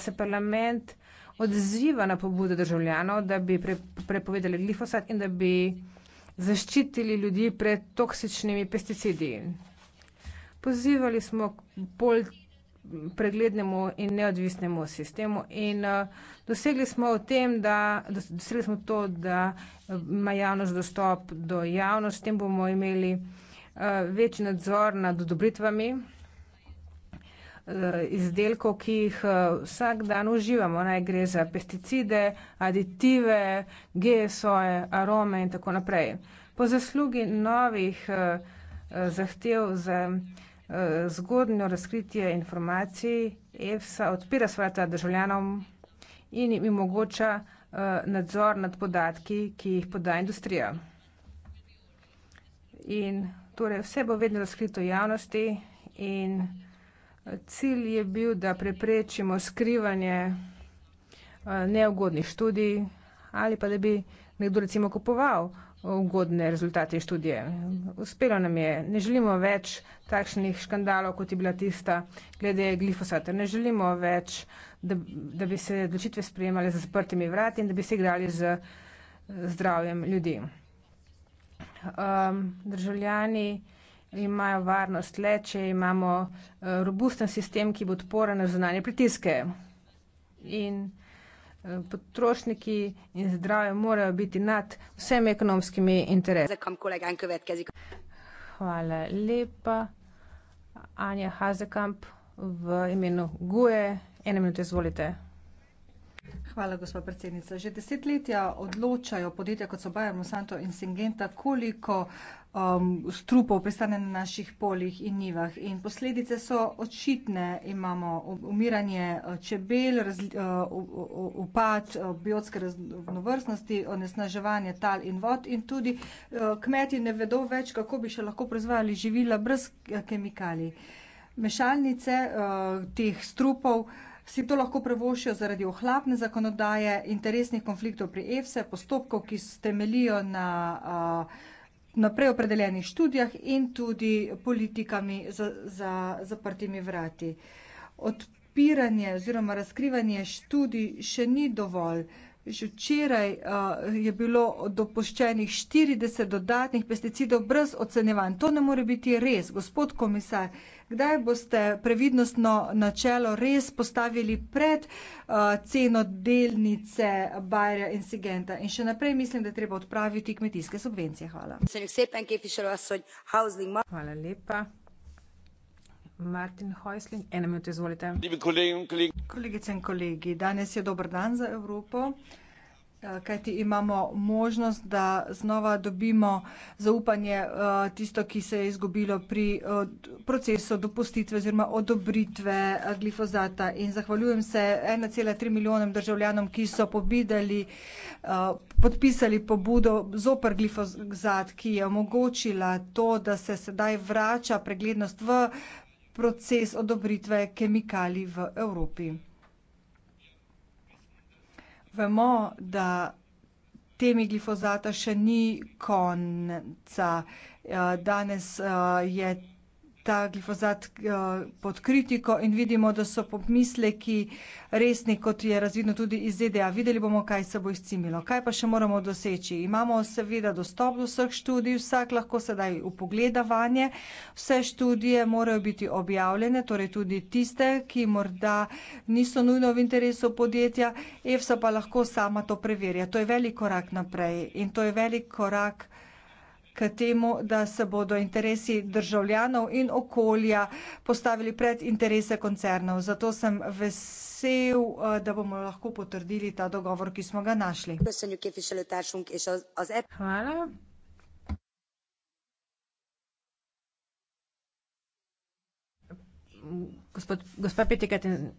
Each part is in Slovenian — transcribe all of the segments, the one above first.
se parlament odziva na pobudo državljanov, da bi pre, prepovedali glifosat in da bi zaščitili ljudi pred toksičnimi pesticidi. Pozivali smo k bolj preglednemu in neodvisnemu sistemu in uh, dosegli smo v tem, da dosegli smo to, da eh, ima javnost dostop do javnosti, s tem bomo imeli uh, večji nadzor nad odobritvami. Eh, izdelkov, ki jih eh, vsak dan uživamo. Naj gre za pesticide, aditive, GSO-je, arome in tako naprej. Po zaslugi novih eh, zahtev za zgodnjo razkritje informacij EFSA odpira svata državljanom in jim omogoča nadzor nad podatki, ki jih poda industrija. In torej vse bo vedno razkrito javnosti in vsega, Cilj je bil, da preprečimo skrivanje eh, neugodnih študij ali pa da bi nekdo recimo kupoval ugodne rezultate in študije. Uspelo nam je. Ne želimo več takšnih škandalov, kot je bila tista glede glifosata. Ne želimo več, da, da bi se odločitve sprejemale za zaprtimi vrati in da bi se igrali z zdravjem ljudi. Um, državljani imajo varnost le, če imamo eh, robusten sistem, ki bo odporen na zunanje pritiske. In eh, potrošniki in zdravje morajo biti nad vsemi ekonomskimi interesi. Hvala lepa. Anja Hazekamp v imenu GUE. Eno minuto, izvolite. Hvala, gospod predsednica. Že desetletja odločajo podjetja, kot so Bayer, Monsanto in Singenta, koliko um, strupov pristane na naših poljih in nivah. In posledice so očitne. Imamo umiranje uh, čebel, razli, uh, upad uh, biotske raznovrstnosti, onesnaževanje tal in vod in tudi uh, kmeti ne vedo več, kako bi še lahko proizvajali živila brez uh, kemikalij. Mešalnice uh, teh strupov. Uh, Vsi to lahko prevošijo zaradi ohlapne zakonodaje, interesnih konfliktov pri EFSE, postopkov, ki temelijo na na preopredeljenih študijah in tudi politikami za, za zaprtimi vrati. Odpiranje oziroma razkrivanje študij še ni dovolj, Že včeraj uh, je bilo dopuščenih 40 dodatnih pesticidov brez ocenevanj. To ne more biti res, gospod komisar. Kdaj boste previdnostno načelo res postavili pred uh, ceno delnice Bajra in Sigenta? In še naprej mislim, da je treba odpraviti kmetijske subvencije. Hvala. Hvala lepa. Martin Häusling, ene minute, izvolite. Kolegice in kolegi, danes je dober dan za Evropo, eh, kajti imamo možnost, da znova dobimo zaupanje eh, tisto, ki se je izgubilo pri eh, procesu dopustitve oziroma odobritve glifozata. In zahvaljujem se 1,3 milijonom državljanom, ki so pobidali, podpisali pobudo zoper glifozat, ki je omogočila to, da se sedaj vrača preglednost v proces odobritve kemikalij v Evropi. Vemo, da temi glifozata še ni konca. Eh, danes, eh, je ta glifozat eh, pod kritiko in vidimo, da so pomisleki resni, kot je razvidno tudi iz ZDA. Videli bomo, kaj se bo izcimilo. Kaj pa še moramo doseči? Imamo seveda dostop do vseh študij, vsak lahko sedaj upogleda vanje. Vse študije morajo biti objavljene, torej tudi tiste, ki morda niso nujno v interesu podjetja, EFSA pa lahko sama to preverja. To je velik korak naprej in to je velik korak k temu, da se bodo interesi državljanov in okolja postavili pred interese koncernov. Zato sem vesel eh, da bomo lahko potrdili ta dogovor, ki smo ga našli. E Hvala. Gospod, gospa Petikatin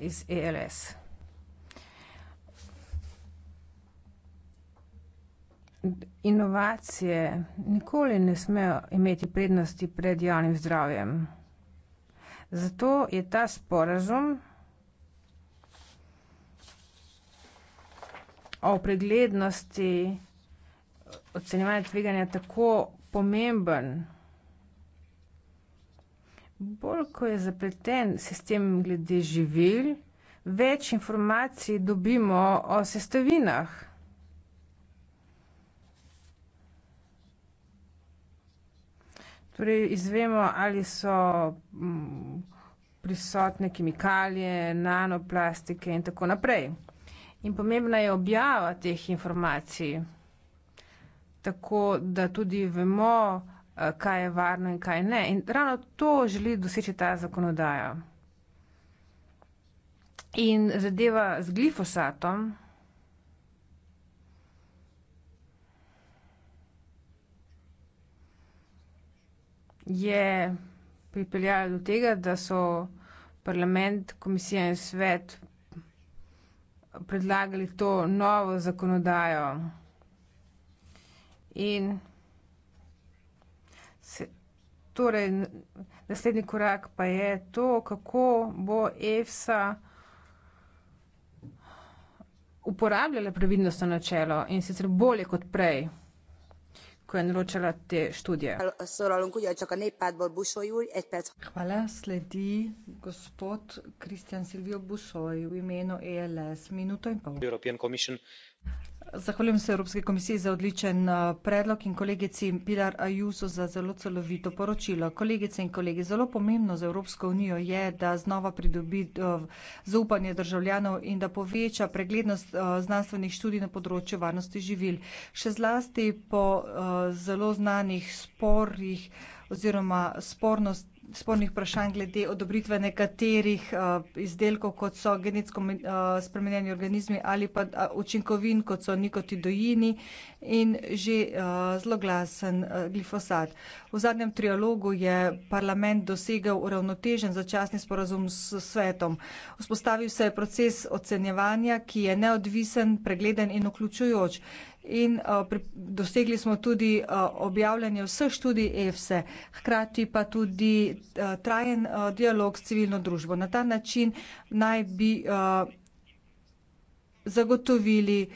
iz ELS. inovacije nikoli ne smejo imeti prednosti pred javnim zdravjem. Zato je ta sporazum o preglednosti ocenjevanja tveganja tako pomemben. Bolj, ko je zapleten sistem glede živil, več informacij dobimo o sestavinah. Torej, izvemo, ali so mm, prisotne kemikalije, nanoplastike in tako naprej. In pomembna je objava teh informacij, tako da tudi vemo, eh, kaj je varno in kaj ne. In ravno to želi doseči ta zakonodaja. In zadeva z glifosatom. je pripeljala do tega, da so parlament, komisija in svet predlagali to novo zakonodajo. In se, torej, naslednji korak pa je to, kako bo EFSA uporabljala previdnostno načelo in sicer bolje kot prej enločalate študije. Hvala, sledi gospod Kristjan Silvio Busoj v imenu ELS. Minuto in pol. Zahvaljujem se Evropske komisije za odličen uh, predlog in kolegici Pilar Ajuso za zelo celovito poročilo. Kolegice in kolegi, zelo pomembno za Evropsko unijo je, da znova pridobi uh, zaupanje državljanov in da poveča preglednost uh, znanstvenih študij na področju varnosti živil. Še zlasti po zelo znanih sporih oziroma spornosti spornih vprašanj glede odobritve nekaterih eh, izdelkov, kot so genetsko eh, spremenjeni organizmi ali pa eh, učinkovin, kot so nikotidoini in že zloglasen glifosat. V zadnjem trialogu je parlament dosegel uravnotežen začasni sporazum s svetom. Vzpostavil se je proces ocenjevanja, ki je neodvisen, pregleden in vključujoč in uh, pri, dosegli smo tudi uh, objavljanje vseh študij EFSE, e, hkrati pa tudi uh, trajen uh, dialog s civilno družbo. Na ta način naj bi uh, zagotovili,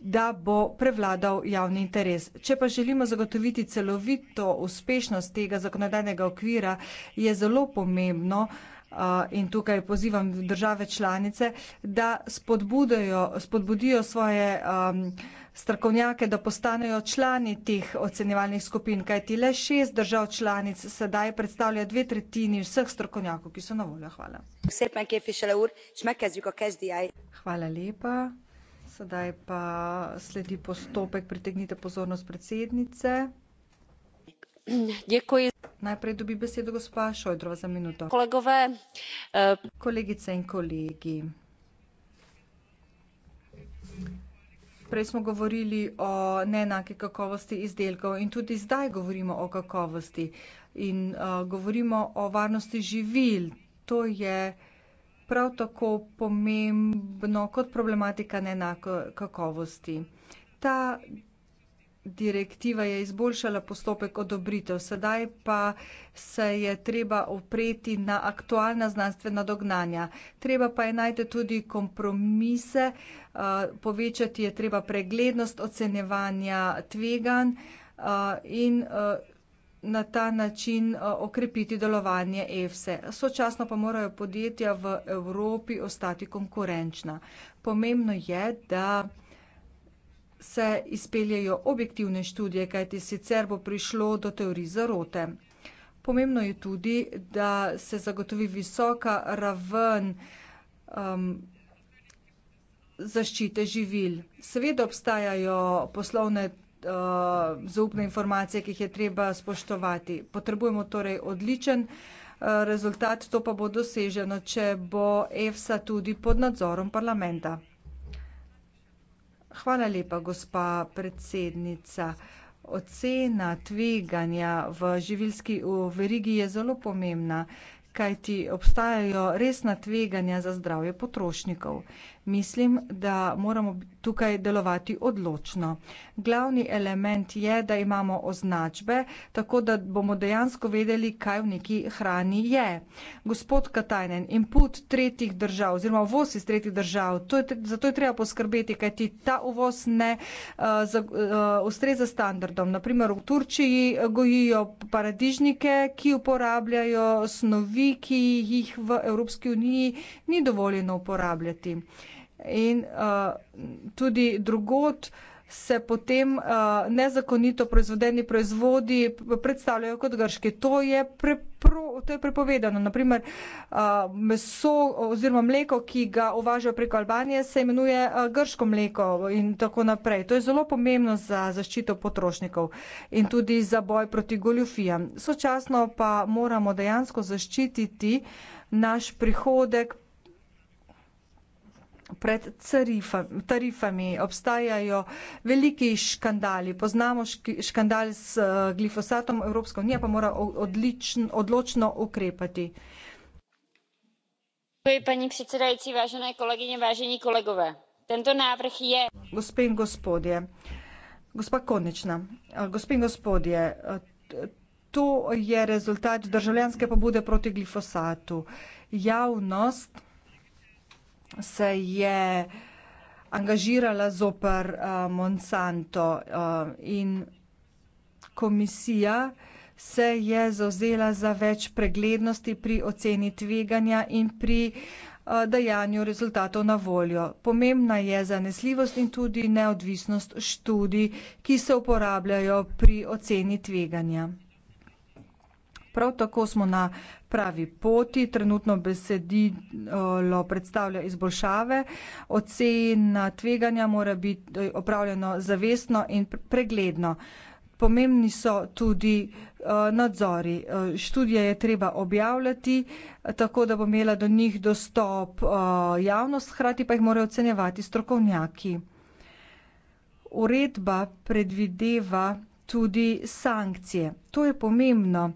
da bo prevladal javni interes. Če pa želimo zagotoviti celovito uspešnost tega zakonodajnega okvira, je zelo pomembno, uh, Uh, in tukaj pozivam države članice, da spodbudijo svoje um, strokovnjake, da postanejo člani teh ocenjevalnih skupin, kajti le šest držav članic sedaj predstavlja dve tretjini vseh strokovnjakov, ki so na voljo. Hvala. Hvala lepa. Sedaj pa sledi postopek pritegnite pozornost predsednice. Děkuji. Najprej dobí besedo gospa Šojdrova za minuto. Kolegové, uh... kolegice in kolegi. Prej smo govorili o neenake kakovosti izdelkov in tudi zdaj govorimo o kakovosti in uh, govorimo o varnosti živil. To je prav tako pomembno kot problematika neenake kakovosti. Ta direktiva je izboljšala postopek odobritev, sedaj pa se je treba opreti na aktualna znanstvena dognanja. Treba pa je najti tudi kompromise, eh, povečati je treba preglednost ocenjevanja tveganj eh, in eh, na ta način okrepiti delovanje EFSE. Sočasno pa morajo podjetja v Evropi ostati konkurenčna. Pomembno je, da se izpeljejo objektivne študije, kajti sicer bo prišlo do teorij zarote. Pomembno je tudi, da se zagotovi visoka raven um, zaščite živil. Seveda obstajajo poslovne uh, zaupne informacije, ki jih je treba spoštovati. Potrebujemo torej odličen uh, rezultat, to pa bo doseženo, če bo EFSA tudi pod nadzorom parlamenta. Hvala lepa, gospa predsednica. Ocena tveganja v živilski v verigi je zelo pomembna, kajti obstajajo resna tveganja za zdravje potrošnikov mislim, da moramo tukaj delovati odločno. Glavni element je, da imamo označbe, tako da bomo dejansko vedeli, kaj v neki hrani je. Gospod Katajnen, input tretjih držav oziroma uvoz iz tretjih držav, to je, zato je treba poskrbeti, kaj ti ta uvoz ne uh, uh, ustreza standardom. Naprimer, v Turčiji uh, gojijo paradižnike, ki uporabljajo snovi, ki jih v Evropski uniji ni dovoljeno uporabljati in uh, tudi drugot se potem uh, nezakonito proizvedeni proizvodi predstavljajo kot grški. To je, prepro, to je prepovedano. Naprimer, uh, eh, meso oziroma mleko, ki ga uvažajo preko Albanije, se imenuje uh, grško mleko in tako naprej. To je zelo pomembno za zaščito potrošnikov in tudi za boj proti goljufijam. Sočasno pa moramo dejansko zaščititi naš prihodek pred tarifami. Obstajajo veliki škandali. Poznamo škandal s eh, glifosatom. Evropska unija pa mora odločno ukrepati. Gospe in gospodje, gospa Konična, eh, gospe in gospodje, eh, to je rezultat državljanske pobude proti glifosatu. Javnost se je angažirala zoper eh, Monsanto eh, in komisija se je zauzela za več preglednosti pri oceni tveganja in pri eh, dajanju rezultatov na voljo. Pomembna je zanesljivost in tudi neodvisnost študij, ki se uporabljajo pri oceni tveganja. Prav tako smo na pravi poti, trenutno besedilo predstavlja izboljšave, ocena tveganja mora biti opravljeno zavestno in pregledno. Pomembni so tudi eh, nadzori. Eh, študije je treba objavljati, tako da bo imela do njih dostop eh, javnost, hkrati pa jih morajo ocenjevati strokovnjaki. Uredba predvideva tudi sankcije. To je pomembno.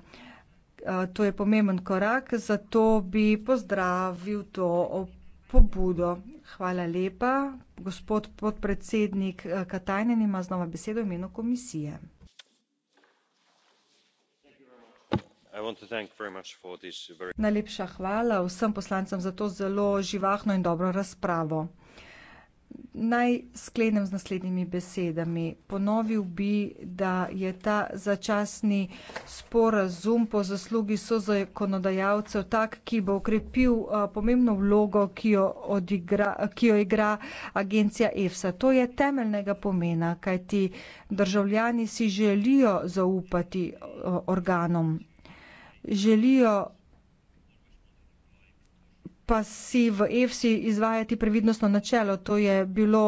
Eh, to je pomemben korak, zato bi pozdravil to pobudo. Hvala lepa, gospod podpredsednik eh, Katajnen ima znova besedo v imenu komisije. Najlepša hvala vsem poslancem za to zelo živahno in dobro razpravo. Naj sklenem z naslednjimi besedami. Ponovil bi, da je ta začasni sporazum po zaslugi sozakonodajalcev tak, ki bo ukrepil pomembno vlogo, ki jo, odigra, ki jo igra agencija EFSA. To je temeljnega pomena, kajti državljani si želijo zaupati organom. Želijo pa si v EFSI izvajati previdnostno načelo. To je bilo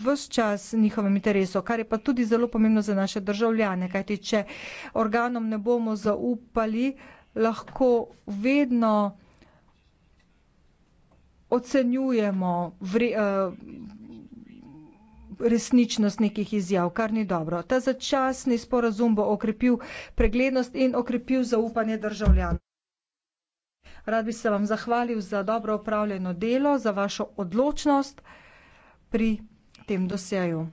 vse čas njihovem interesu, kar je pa tudi zelo pomembno za naše državljane, kajti če organom ne bomo zaupali, lahko vedno ocenjujemo vre, eh, resničnost nekih izjav, kar ni dobro. Ta začasni sporazum bo okrepil preglednost in okrepil zaupanje državljanov. Rad bi se vam zahvalil za dobro upravljeno delo, za vašo odločnost pri tem doseju.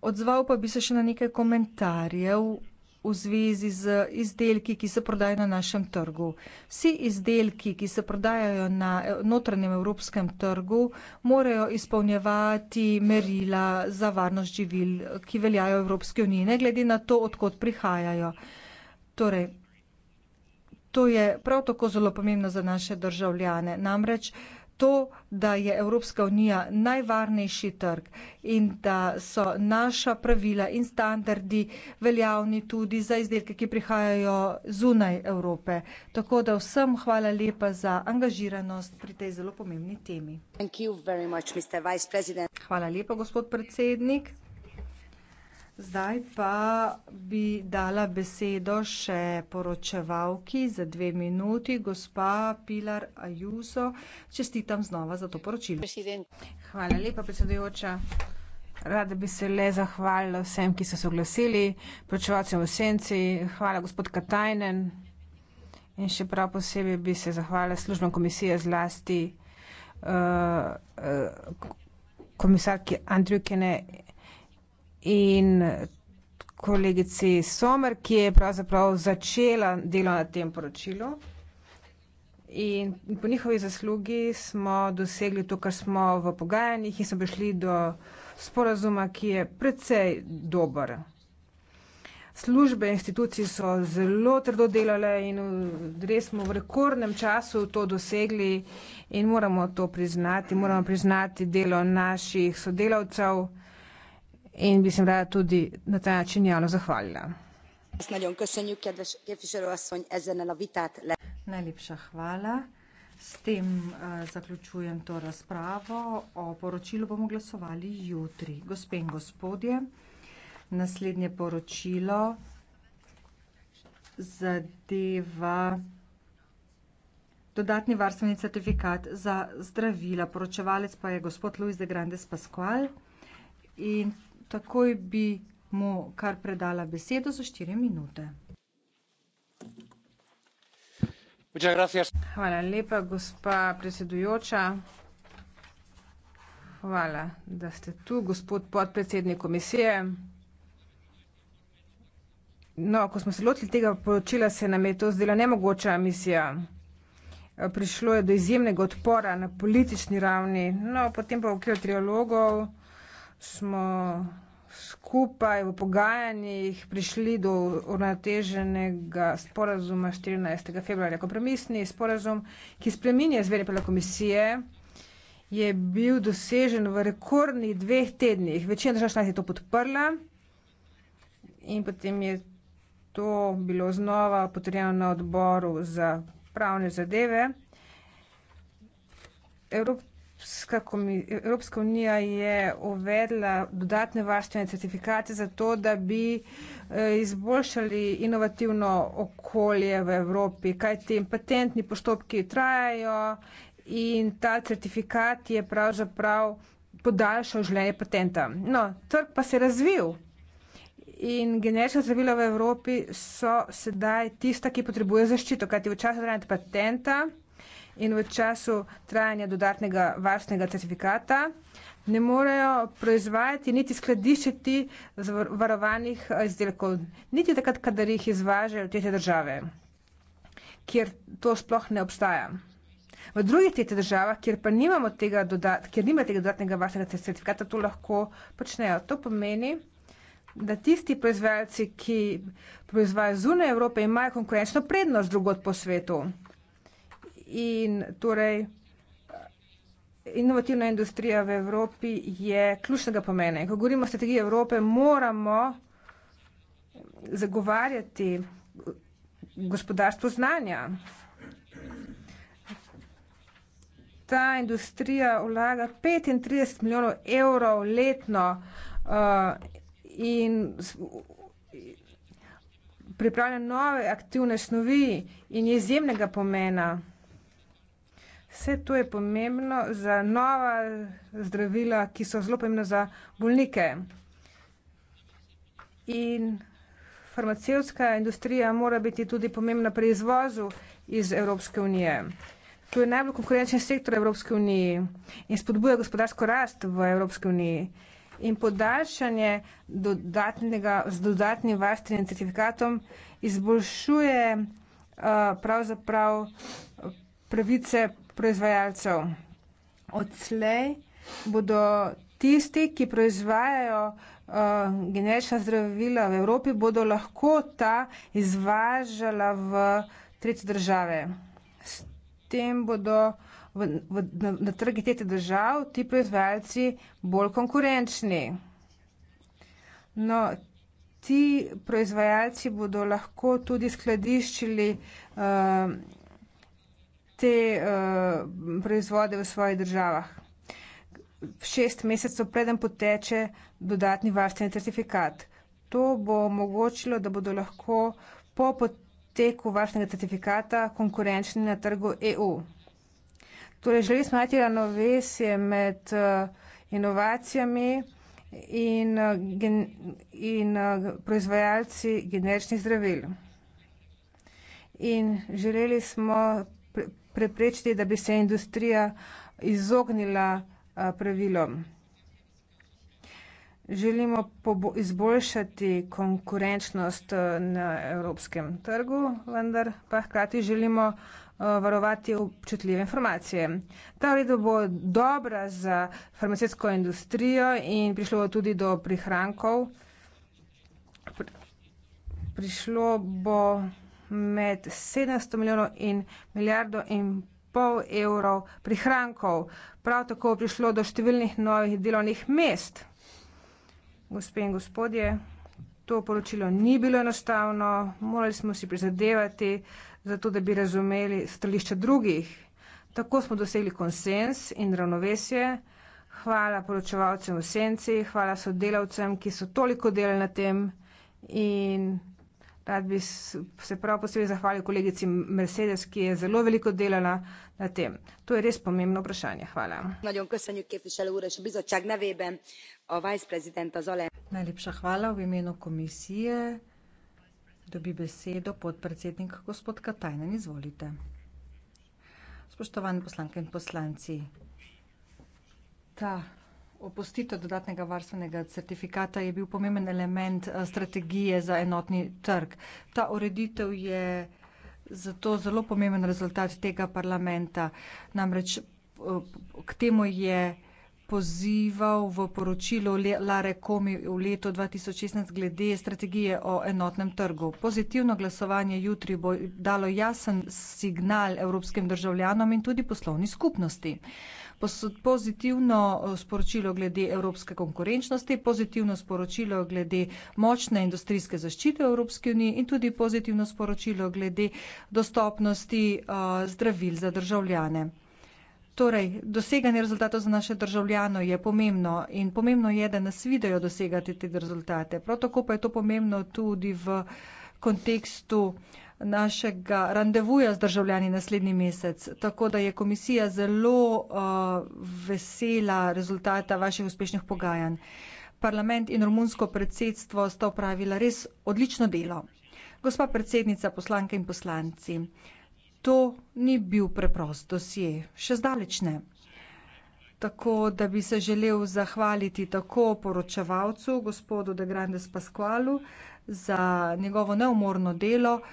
Odzval pa bi se še na nekaj komentarjev v zvezi z izdelki, ki se prodajo na našem trgu. Vsi izdelki, ki se prodajajo na notranjem evropskem trgu, morajo izpolnjevati merila za varnost živil, ki veljajo v Evropski uniji, ne glede na to, odkot prihajajo. Torej, to je prav tako zelo pomembno za naše državljane. Namreč to, da je Evropska unija najvarnejši trg in da so naša pravila in standardi veljavni tudi za izdelke, ki prihajajo zunaj Evrope. Tako da vsem hvala lepa za angažiranost pri tej zelo pomembni temi. Much, hvala lepa, gospod predsednik. Zdaj pa bi dala besedo še poročevalki za dve minuti, gospa Pilar Ajuso. Čestitam znova za to poročilo. Hvala lepa, predsedujoča. Rada bi se le zahvalila vsem, ki so se oglasili, poročevalcem v senci, hvala gospod Katajnen in še prav posebej bi se zahvalila službam komisije zlasti uh, uh, komisarki Andrjukine in kolegici Somer, ki je pravzaprav začela delo na tem poročilu. In po njihovi zaslugi smo dosegli to, kar smo v pogajanjih in smo prišli do sporazuma, ki je precej dober. Službe institucij so zelo trdo delale in res smo v rekordnem času to dosegli in moramo to priznati, moramo priznati delo naših sodelavcev in bi se rada tudi na ta način javno zahvalila. Najlepša hvala. S tem uh, zaključujem to razpravo. O poročilu bomo glasovali jutri. Gospe in gospodje, naslednje poročilo zadeva dodatni varstveni certifikat za zdravila. Poročevalec pa je gospod Luis de Grande Pasqual. In takoj bi mu kar predala besedo za štiri minute. Hvala lepa, gospa predsedujoča. Hvala, da ste tu, gospod podpredsednik komisije. No, ko smo se lotili tega poročila, se nam je to zdela nemogoča misija. prišlo je do izjemnega odpora na politični ravni, no, potem pa v okviru trialogov smo skupaj v pogajanjih prišli do uravnoteženega sporazuma 14. februarja. Kompromisni sporazum, ki spreminja zvere pele komisije, je bil dosežen v rekordnih dveh tednih. Večina držav članic je to podprla in potem je to bilo znova potrjeno na odboru za pravne zadeve. Evropa Evropska, Evropska unija je uvedla dodatne varstvene certifikate za to, da bi eh, izboljšali inovativno okolje v Evropi, kaj ti patentni postopki trajajo in ta certifikat je pravzaprav podaljšal življenje patenta. No, trg pa se je razvil in generična zdravila v Evropi so sedaj tista, ki potrebuje zaščito, kajti v času trajanja patenta in v času trajanja dodatnega varstnega certifikata ne morejo proizvajati niti skladiščiti varovanih eh, izdelkov, niti takrat, kadar jih izvažajo v tretje države, kjer to sploh ne obstaja. V drugih tretjih državah, kjer pa nimamo tega, dodat, kjer nima tega dodatnega varstvenega certifikata, to lahko počnejo. To pomeni, da tisti proizvajalci, ki proizvajajo zunaj Evrope, imajo konkurenčno prednost drugod po svetu in torej eh, inovativna industrija v Evropi je ključnega pomena. In ko govorimo o strategiji Evrope, moramo zagovarjati gospodarstvo znanja. Ta industrija vlaga 35 milijonov evrov letno uh, in pripravlja nove aktivne snovi in je izjemnega pomena. Vse to je pomembno za nova zdravila, ki so zelo pomembna za bolnike. In farmacevska industrija mora biti tudi pomembna pri izvozu iz Evropske unije. To je najbolj konkurenčen sektor Evropske unije in spodbuja gospodarsko rast v Evropske unije. In podaljšanje dodatnega, z dodatnim varstvenim certifikatom izboljšuje uh, pravzaprav pravice proizvajalcev. Odslej bodo tisti, ki proizvajajo uh, eh, genetična zdravila v Evropi, bodo lahko ta izvažala v tretje države. S tem bodo v, v, na, na trgi tretje držav ti proizvajalci bolj konkurenčni. No, ti proizvajalci bodo lahko tudi skladiščili uh, te uh, proizvode v svojih državah. Šest mesecev preden poteče dodatni varstveni certifikat. To bo omogočilo, da bodo lahko po poteku varstvenega certifikata konkurenčni na trgu EU. Torej, želi smo najti ravnovesje med uh, inovacijami in, uh, gen, in uh, proizvajalci generičnih zdravil. In želeli smo. Pre, preprečiti, da bi se industrija izognila pravilom. Želimo izboljšati konkurenčnost na evropskem trgu, vendar pa hkrati želimo varovati občutljive informacije. Ta uredba bo dobra za farmacijsko industrijo in prišlo bo tudi do prihrankov. Prišlo bo med 700 milijonov in milijardo in pol evrov prihrankov. Prav tako prišlo do številnih novih delovnih mest. Gospe in gospodje, to poročilo ni bilo enostavno, morali smo si prizadevati za to, da bi razumeli stališča drugih. Tako smo dosegli konsens in ravnovesje. Hvala poročevalcem v senci, hvala sodelavcem, ki so toliko delali na tem in Rad bi se prav posebej zahvalil kolegici Mercedes, ki je zelo veliko delala na tem. To je res pomembno vprašanje. Hvala. Najlepša hvala v imenu komisije. Dobi besedo podpredsednik gospod Katajnen. Izvolite. Spoštovane poslanke in poslanci. Ta Opustitev dodatnega varstvenega certifikata je bil pomemben element eh, strategije za enotni trg. Ta ureditev je zato zelo pomemben rezultat tega parlamenta. Namreč eh, k temu je pozival v poročilu Lare Komi v letu 2016 glede strategije o enotnem trgu. Pozitivno glasovanje jutri bo dalo jasen signal evropskim državljanom in tudi poslovni skupnosti pozitivno eh, sporočilo glede evropske konkurenčnosti, pozitivno sporočilo glede močne industrijske zaščite v Evropski uniji in tudi pozitivno sporočilo glede dostopnosti eh, zdravil za državljane. Torej, doseganje rezultatov za naše državljano je pomembno in pomembno je, da nas vidijo dosegati te rezultate. Prav tako pa je to pomembno tudi v kontekstu uh, našega randevuja z državljani naslednji mesec. Tako da je komisija zelo uh, vesela rezultata vaših uspešnih pogajanj. Parlament in romunsko predsedstvo sta upravila res odlično delo. Gospa predsednica, poslanke in poslanci, to ni bil preprost dosje, še zdaleč ne. Tako da bi se želel zahvaliti tako poročevalcu, gospodu De Grandes Pasqualu, za njegovo neumorno delo, uh,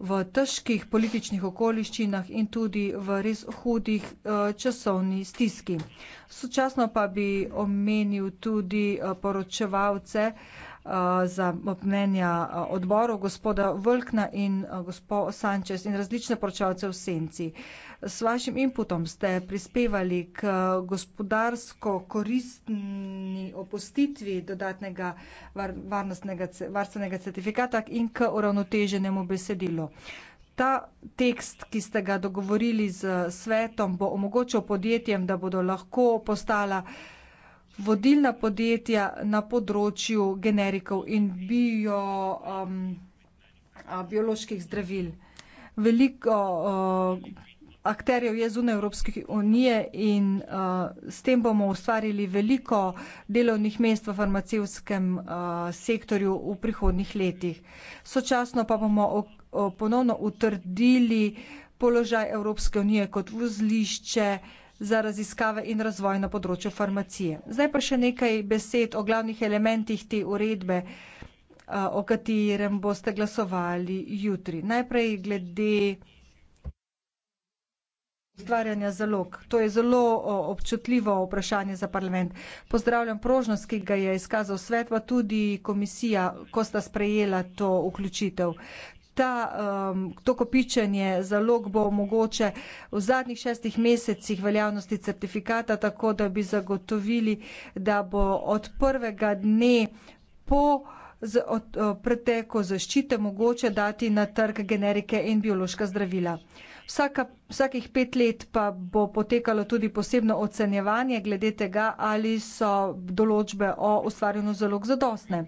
v težkih političnih okoliščinah in tudi v res hudih eh, časovni stiski. Sočasno pa bi omenil tudi eh, poročevalce eh, za mnenja odborov, gospoda Vlkna in gospod Sančez in različne poročevalce v Senci. S vašim inputom ste prispevali k gospodarsko koristni opustitvi dodatnega var, varstvenega certifikata in k uravnoteženemu besedilu. Ta tekst, ki ste ga dogovorili z svetom, bo omogočil podjetjem, da bodo lahko postala vodilna podjetja na področju generikov in bio, um, bioloških zdravil. Veliko uh, akterjev je zunaj Evropske unije in uh, s tem bomo ustvarili veliko delovnih mest v farmacevskem uh, sektorju v prihodnih letih. Sočasno pa bomo o, o, ponovno utrdili položaj Evropske unije kot vzlišče za raziskave in razvoj na področju farmacije. Zdaj pa še nekaj besed o glavnih elementih te uredbe, uh, o katerem boste glasovali jutri. Najprej glede ustvarjanja zalog. To je zelo občutljivo vprašanje za parlament. Pozdravljam prožnost, ki ga je izkazal svet, pa tudi komisija, ko sta sprejela to vključitev. Ta, um, to kopičenje zalog bo mogoče v zadnjih šestih mesecih veljavnosti certifikata, tako da bi zagotovili, da bo od prvega dne po z, od, o, preteko zaščite mogoče dati na trg generike in biološka zdravila. Vsaka, vsakih pet let pa bo potekalo tudi posebno ocenjevanje glede tega, ali so določbe o ustvarjanju zalog zadostne.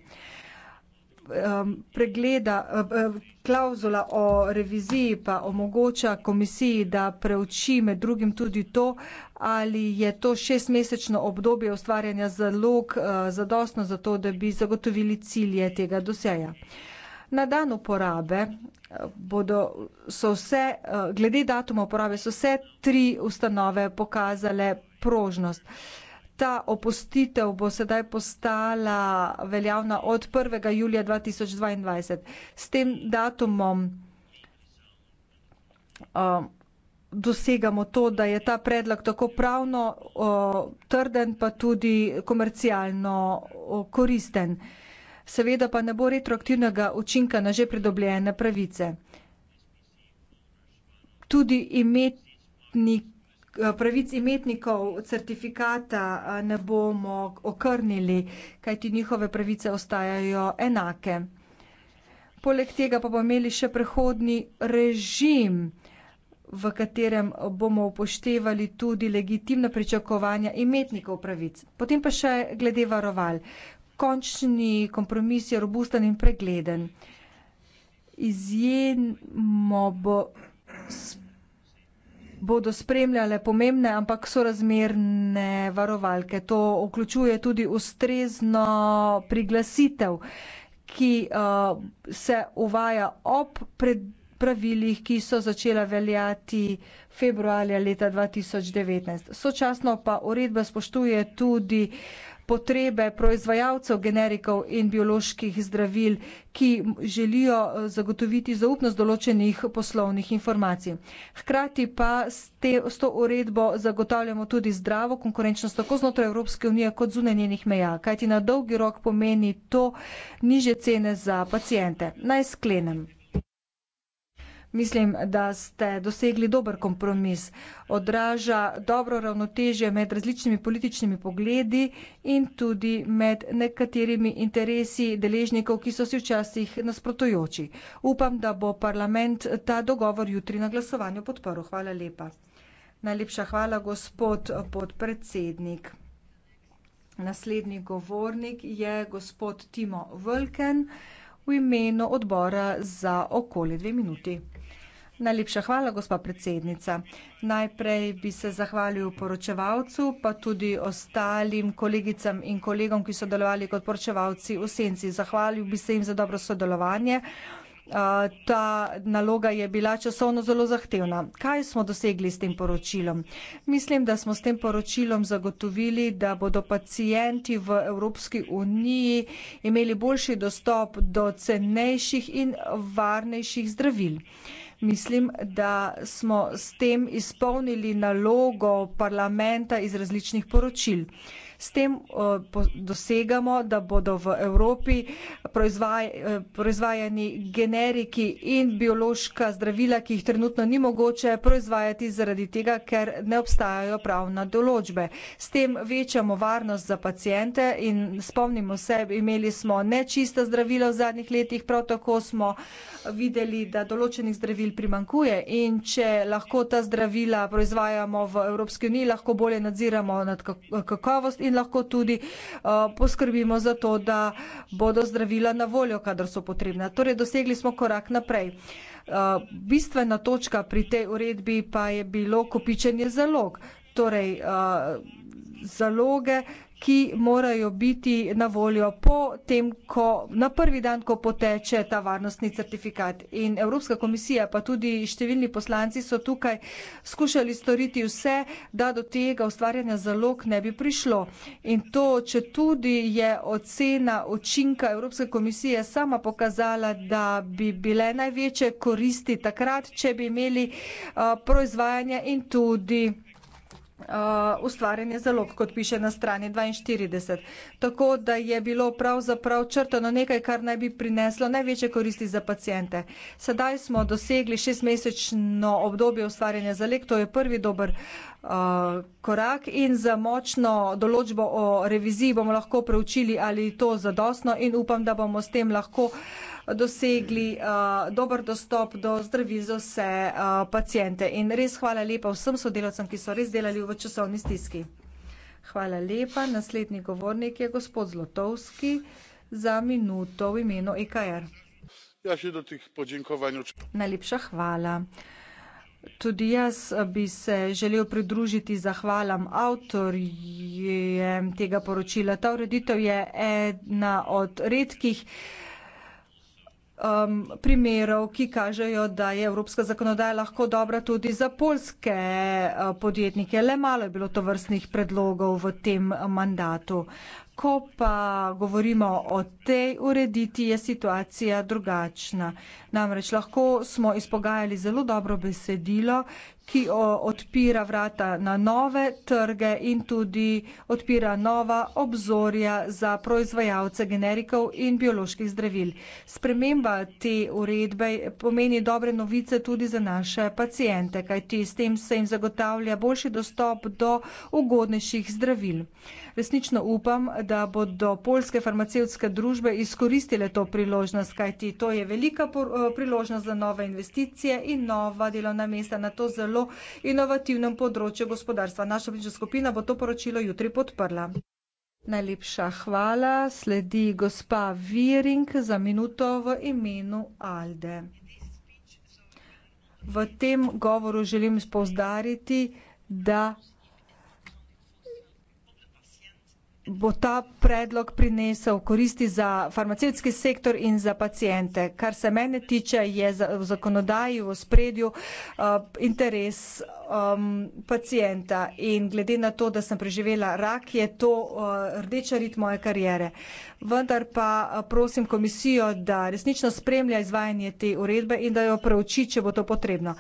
Ehm, pregleda, eh, eh, klauzula o reviziji pa omogoča komisiji, da preuči med drugim tudi to, ali je to šestmesečno obdobje ustvarjanja zalog eh, zadostno za to, da bi zagotovili cilje tega doseja. Na dan uporabe eh, bodo so vse, eh, glede datuma uporabe, so vse tri ustanove pokazale prožnost. Ta opustitev bo sedaj postala veljavna od 1. julija 2022. S tem datumom uh, dosegamo to, da je ta predlog tako pravno uh, trden, pa tudi komercialno uh, koristen. Uh, seveda pa ne bo retroaktivnega učinka na že pridobljene pravice. Tudi imetnik eh, pravic imetnikov certifikata eh, ne bomo okrnili, kajti njihove pravice ostajajo enake. Poleg tega pa bomo imeli še prehodni režim, v katerem bomo upoštevali tudi legitimna pričakovanja imetnikov pravic. Potem pa še glede varoval končni kompromis je robusten in pregleden. Izjemo bo, bodo spremljale pomembne, ampak sorazmerne varovalke. To vključuje tudi ustrezno priglasitev, ki uh, se uvaja ob pred pravilih, ki so začela veljati februarja leta 2019. Sočasno pa uredba spoštuje tudi uh, potrebe proizvajalcev generikov in bioloških zdravil, ki želijo eh, zagotoviti zaupnost določenih poslovnih informacij. Hkrati pa s, te, s to uredbo zagotavljamo tudi zdravo konkurenčnost tako znotraj Evropske unije kot zunaj njenih meja, kajti na dolgi rok pomeni to niže cene za pacijente. Naj sklenem. Mislim, da ste dosegli dober kompromis. Odraža dobro ravnotežje med različnimi političnimi pogledi in tudi med nekaterimi interesi deležnikov, ki so si včasih nasprotujoči. Upam, da bo parlament ta dogovor jutri na glasovanju podporil. Hvala lepa. Najlepša hvala, gospod podpredsednik. Naslednji govornik je gospod Timo Vlken v imenu odbora za okoli dve minuti. Najlepša hvala, gospa predsednica. Najprej bi se zahvalil poročevalcu, pa tudi ostalim kolegicam in kolegom, ki so delovali kot poročevalci v senci. Zahvalil bi se jim za dobro sodelovanje. Ta naloga je bila časovno zelo zahtevna. Kaj smo dosegli s tem poročilom? Mislim, da smo s tem poročilom zagotovili, da bodo pacijenti v Evropski uniji imeli boljši dostop do cenejših in varnejših zdravil. Mislim, da smo s tem izpolnili nalogo parlamenta iz različnih poročil. S tem dosegamo, da bodo v Evropi e, proizvajani generiki in biološka zdravila, ki jih trenutno ni mogoče proizvajati zaradi tega, ker ne obstajajo pravna določbe. S tem večamo varnost za pacijente in spomnimo se, imeli smo nečista zdravila v zadnjih letih, prav tako smo videli, da določenih zdravil primankuje in če lahko ta zdravila proizvajamo v Evropski uniji, lahko bolje nadziramo nad kakovost in in lahko tudi eh, poskrbimo za to, da bodo zdravila na voljo, kadar so potrebna. Torej, dosegli smo korak naprej. Eh, bistvena točka pri tej uredbi pa je bilo kopičenje zalog. Torej, eh, zaloge ki morajo biti na voljo po tem, ko na prvi dan, ko poteče ta varnostni certifikat. In Evropska komisija, pa tudi številni poslanci so tukaj skušali storiti vse, da do tega ustvarjanja zalog ne bi prišlo. In to, če tudi je ocena očinka Evropske komisije sama pokazala, da bi bile največje koristi takrat, če bi imeli uh, proizvajanje in tudi uh, ustvarjanje zalog, kot piše na strani 42. Tako da je bilo pravzaprav črteno nekaj, kar naj bi prineslo največje koristi za pacijente. Sedaj smo dosegli šestmesečno obdobje ustvarjanja zalog, to je prvi dober uh, korak in za močno določbo o reviziji bomo lahko preučili, ali je to zadostno in upam, da bomo s tem lahko uh, dosegli uh, dober dostop do zdravil za vse uh, eh, pacijente. In res hvala lepa vsem sodelavcem, ki so res delali v časovni stiski. Hvala lepa. Naslednji govornik je gospod Zlotovski za minuto v imenu EKR. Ja, še do tih podžinkovanj. Najlepša hvala. Tudi jaz eh, bi se želel pridružiti zahvalam avtorjem tega poročila. Ta ureditev je ena od redkih um, primerov, ki kažejo, da je evropska zakonodaja lahko dobra tudi za polske uh, podjetnike. Le malo je bilo to vrstnih predlogov v tem mandatu. Ko pa govorimo o tej urediti, je situacija drugačna. Namreč lahko smo izpogajali zelo dobro besedilo, ki odpira vrata na nove trge in tudi odpira nova obzorja za proizvajalce generikov in bioloških zdravil. Sprememba te uredbe pomeni dobre novice tudi za naše pacijente, kajti s tem se jim zagotavlja boljši dostop do ugodnejših zdravil. Resnično upam, da bodo polske farmacevtske družbe izkoristile to priložnost, kajti to je velika eh, priložnost za nove investicije in nova delovna mesta na to zelo zelo inovativnem področju gospodarstva. Naša bližnja skupina bo to poročilo jutri podprla. Najlepša hvala. Sledi gospa Viring za minuto v imenu Alde. V tem govoru želim spozdariti, da bo ta predlog prinesel koristi za farmacevtski sektor in za pacijente. Kar se mene tiče, je v zakonodaji, v spredju uh, interes um, pacijenta in glede na to, da sem preživela rak, je to uh, rdeča rit moje karijere. Vendar pa uh, prosim komisijo, da resnično spremlja izvajanje te uredbe in da jo preuči, če bo to potrebno.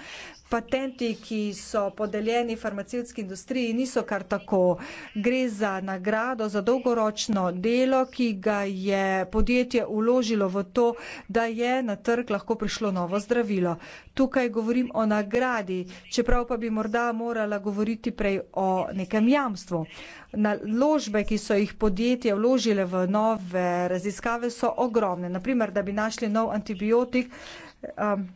Patenti, ki so podeljeni farmacijski industriji, niso kar tako. Gre za nagrado za dolgoročno delo, ki ga je podjetje uložilo v to, da je na trg lahko prišlo novo zdravilo. Tukaj govorim o nagradi, čeprav pa bi morda morda morala govoriti prej o nekem jamstvu. Naložbe, ki so jih podjetje vložile v nove raziskave, so ogromne. Naprimer, da bi našli nov antibiotik, um,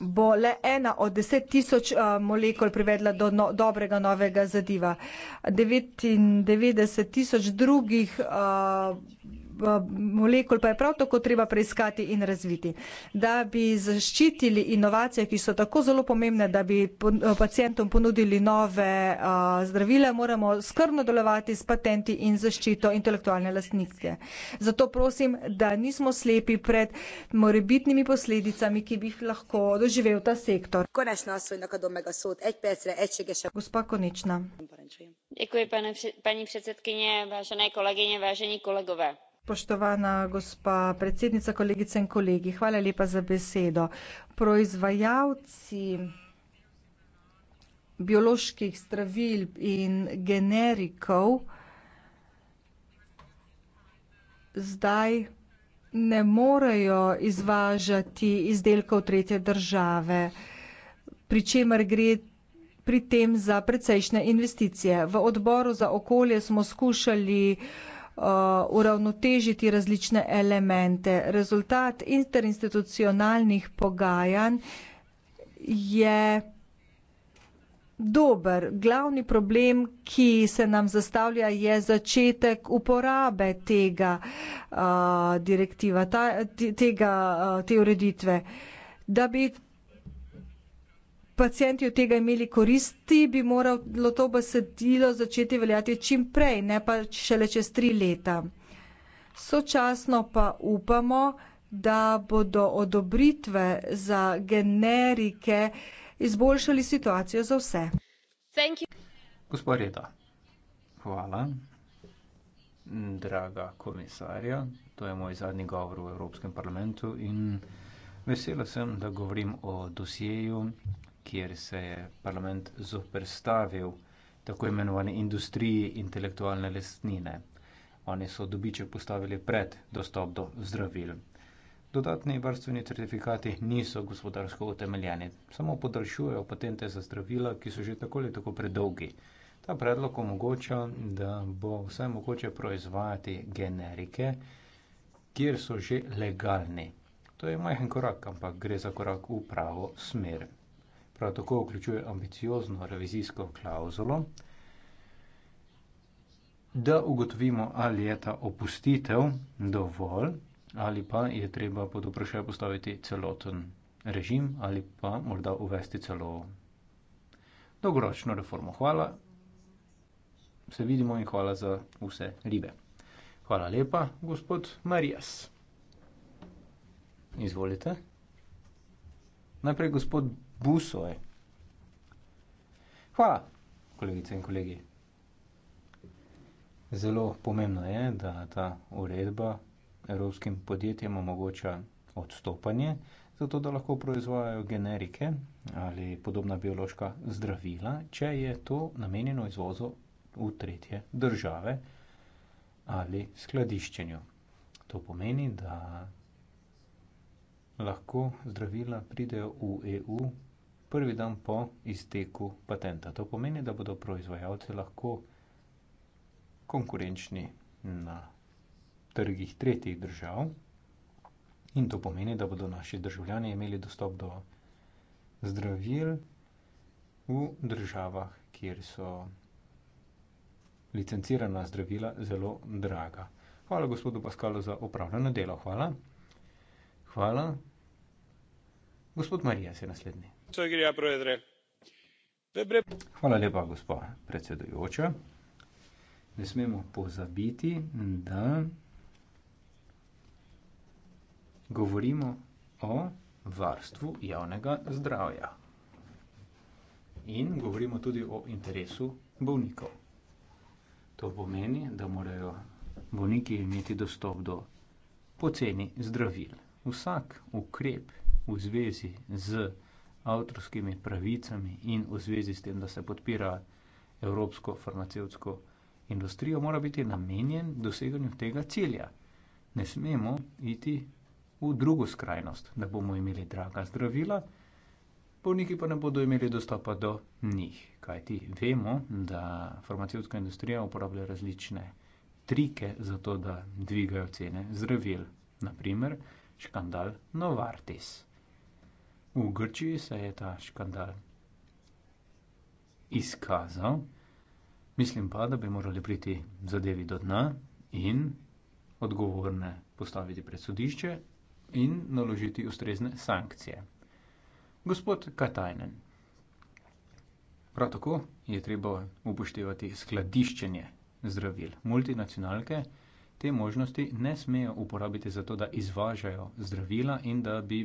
bo le ena od deset tisoč uh, molekul privedla do no, dobrega novega zadiva. 99 tisoč drugih uh, molekul pa je prav tako treba preiskati in razviti. Da bi zaščitili inovacije, ki so tako zelo pomembne, da bi eh, pacijentom ponudili nove eh, zdravile, moramo skrbno delovati s patenti in zaščito intelektualne lastnike. Zato prosim, da nismo slepi pred morebitnimi posledicami, ki bi jih lahko doživel ta sektor. Konečno, svojnaka domega sod, eč pesre, eč še geša. Gospa Konečna. Děkuji, pane, paní předsedkyně, vážené kolegyně, vážení kolegové. Spoštovana gospa predsednica, kolegice in kolegi, hvala lepa za besedo. Proizvajalci bioloških zdravil in generikov zdaj ne morejo izvažati izdelkov v tretje države, pri čemer gre pri tem za precejšnje investicije. V odboru za okolje smo skušali uh, uravnotežiti različne elemente. Rezultat interinstitucionalnih pogajanj je dober. Glavni problem, ki se nam zastavlja, je začetek uporabe tega uh, direktiva, ta, tega, uh, te ureditve. Da bi pacijenti od tega imeli koristi, bi moralo to besedilo začeti veljati čim prej, ne pa šele čez tri leta. Sočasno pa upamo, da bodo odobritve za generike izboljšali situacijo za vse. Gospod Reda, hvala. Draga komisarja, to je moj zadnji govor v Evropskem parlamentu in vesela sem, da govorim o dosjeju kjer se je parlament zoprstavil tako imenovani industriji intelektualne lastnine. Oni so dobiček postavili pred dostop do zdravil. Dodatni varstveni certifikati niso gospodarsko utemeljeni, samo podaljšujejo patente za zdravila, ki so že tako ali tako predolgi. Ta predlog omogoča, da bo vse mogoče proizvajati generike, kjer so že legalni. To je majhen korak, ampak gre za korak v pravo smer prav tako vključuje ambiciozno revizijsko klauzulo, da ugotovimo, ali je ta opustitev dovolj, ali pa je treba pod vprašaj postaviti celoten režim, ali pa morda uvesti celo dolgoročno reformo. Hvala, se vidimo in hvala za vse ribe. Hvala lepa, gospod Marijas. Izvolite. Najprej gospod busoj. Eh. Hvala, kolegice in kolegi. Zelo pomembno je, da ta uredba evropskim podjetjem omogoča odstopanje, zato da lahko proizvajajo generike ali podobna biološka zdravila, če je to namenjeno izvozu v tretje države ali skladiščenju. To pomeni, da lahko zdravila pridejo v EU prvi dan po izteku patenta. To pomeni, da bodo proizvajalci lahko konkurenčni na trgih tretjih držav in to pomeni, da bodo naši državljani imeli dostop do zdravil v državah, kjer so licencirana zdravila zelo draga. Hvala gospodu Paskalu za opravljeno delo. Hvala. Hvala. Gospod Marija se naslednji. To je grija proedre. Dobre. Hvala lepa, gospod predsedujoča. Ne smemo pozabiti, da govorimo o varstvu javnega zdravja. In govorimo tudi o interesu bolnikov. To pomeni, da morajo bolniki imeti dostop do poceni zdravil. Vsak ukrep v zvezi z avtorskimi pravicami in v zvezi s tem, da se podpira evropsko farmacevtsko industrijo, mora biti namenjen doseganju tega cilja. Ne smemo iti v drugo skrajnost, da bomo imeli draga zdravila, bolniki pa ne bodo imeli dostopa do njih. Kaj ti vemo, da farmacevtska industrija uporablja različne trike za to, da dvigajo cene zdravil. Naprimer, škandal Novartis. V Grčiji se je ta škandal izkazal. Mislim pa, da bi morali priti zadevi do dna in odgovorne postaviti pred sodišče in naložiti ustrezne sankcije. Gospod Katajnen, prav tako je treba upoštevati skladiščenje zdravil. Multinacionalke te možnosti ne smejo uporabiti za to, da izvažajo zdravila in da bi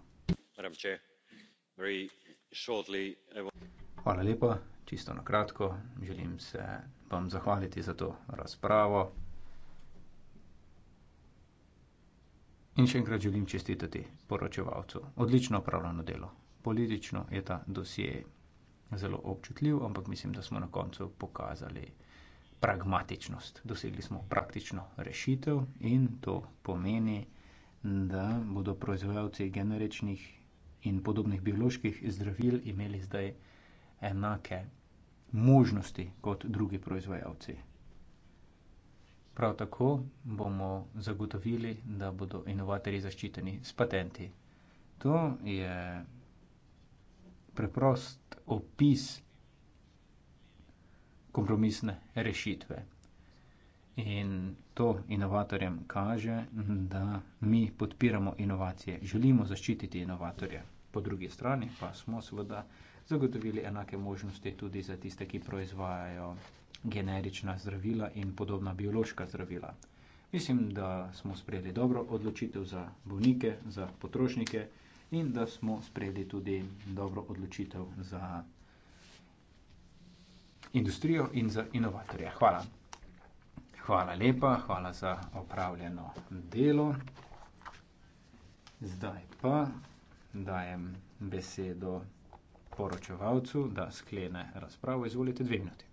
Hvala lepa. Čisto na kratko. Želim se vam zahvaliti za to razpravo. In še enkrat želim čestitati poročevalcu. Odlično opravljeno delo. Politično je ta dosje zelo občutljiv, ampak mislim, da smo na koncu pokazali pragmatičnost. Dosegli smo praktično rešitev in to pomeni, da bodo proizvajalci generičnih in podobnih bioloških zdravil imeli zdaj enake možnosti kot drugi proizvajalci. Prav tako bomo zagotovili, da bodo inovatorji zaščiteni s patenti. To je preprost opis kompromisne rešitve. In to inovatorjem kaže, da mi podpiramo inovacije, želimo zaščititi inovatorje. Po drugi strani pa smo seveda zagotovili enake možnosti tudi za tiste, ki proizvajajo generična zdravila in podobna biološka zdravila. Mislim, da smo sprejeli dobro odločitev za bolnike, za potrošnike in da smo sprejeli tudi dobro odločitev za industrijo in za inovatorje. Hvala. Hvala lepa, hvala za opravljeno delo. Zdaj pa dajem besedo poročevalcu, da sklene razpravo. Izvolite dve minuti.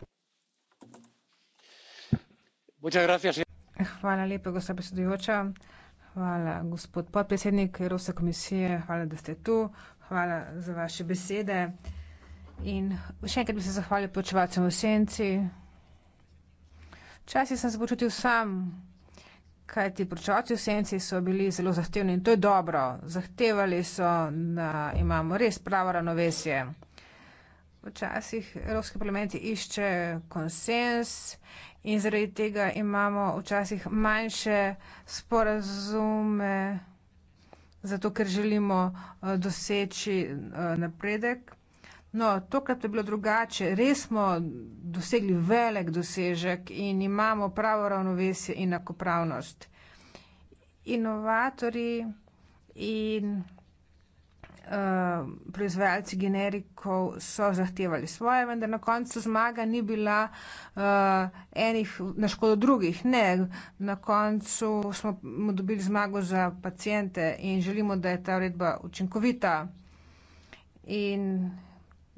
Hvala lepa, gospa predsedujoča. Hvala, gospod podpredsednik Evropske komisije, hvala, da ste tu. Hvala za vaše besede. In še enkrat bi se zahvalil poročevalcem v senci. Časi sem se počutil sam, kaj ti počoči v senci so bili zelo zahtevni in to je dobro. Zahtevali so, da imamo res pravo ravnovesje. Včasih Evropski parlament išče konsens in zaradi tega imamo včasih manjše sporazume, zato ker želimo eh, doseči eh, napredek. No, tokrat je bilo drugače. Res smo dosegli velik dosežek in imamo pravo ravnovesje in enakopravnost. Inovatori in uh, proizvajalci generikov so zahtevali svoje, vendar na koncu zmaga ni bila uh, enih na škodo drugih. Ne, na koncu smo dobili zmago za pacijente in želimo, da je ta uredba učinkovita. In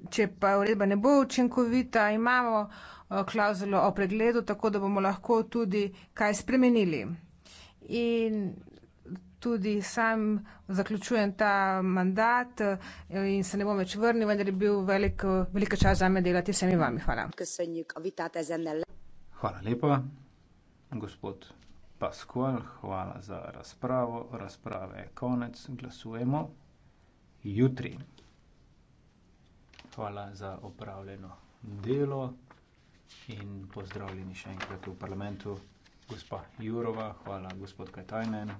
Če pa uredba ne bo učinkovita, imamo eh, klauzulo o pregledu, tako da bomo lahko tudi kaj spremenili. In tudi sam zaključujem ta mandat eh, in se ne bom več vrnil, vendar je bil velik, eh, velika čas za me delati vsemi vami. Hvala. Hvala lepa, gospod Paskual, hvala za razpravo. Razprave je konec, glasujemo jutri. Hvala za opravljeno delo in pozdravljeni še enkrat v parlamentu, gospa Jurova, hvala gospod Kajtajnen,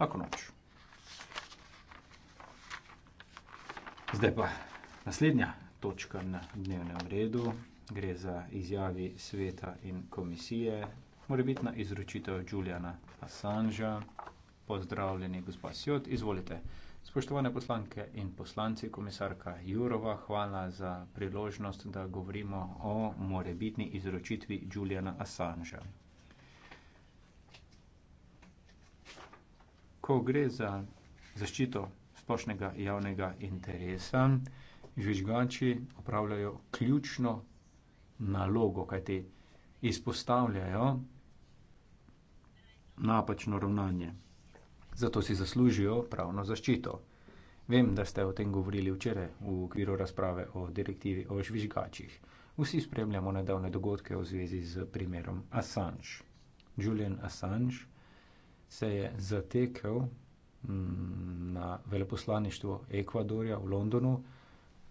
lahko noč. Zdaj pa naslednja točka na dnevnem redu, gre za izjavi sveta in komisije, morebitna izročitev Juliana Assangea, pozdravljeni gospa Sjot, izvolite. Spoštovane poslanke in poslanci, komisarka Jurova, hvala za priložnost, da govorimo o morebitni izročitvi Juliana Assangea. Ko gre za zaščito splošnega javnega interesa, žvižgači opravljajo ključno nalogo, kajti izpostavljajo napačno ravnanje zato si zaslužijo pravno zaščito. Vem, da ste o tem govorili včeraj v okviru razprave o direktivi o žvižgačih. Vsi spremljamo nedavne dogodke v zvezi z primerom Assange. Julian Assange se je zatekel mm, na veleposlaništvo Ekvadorja v Londonu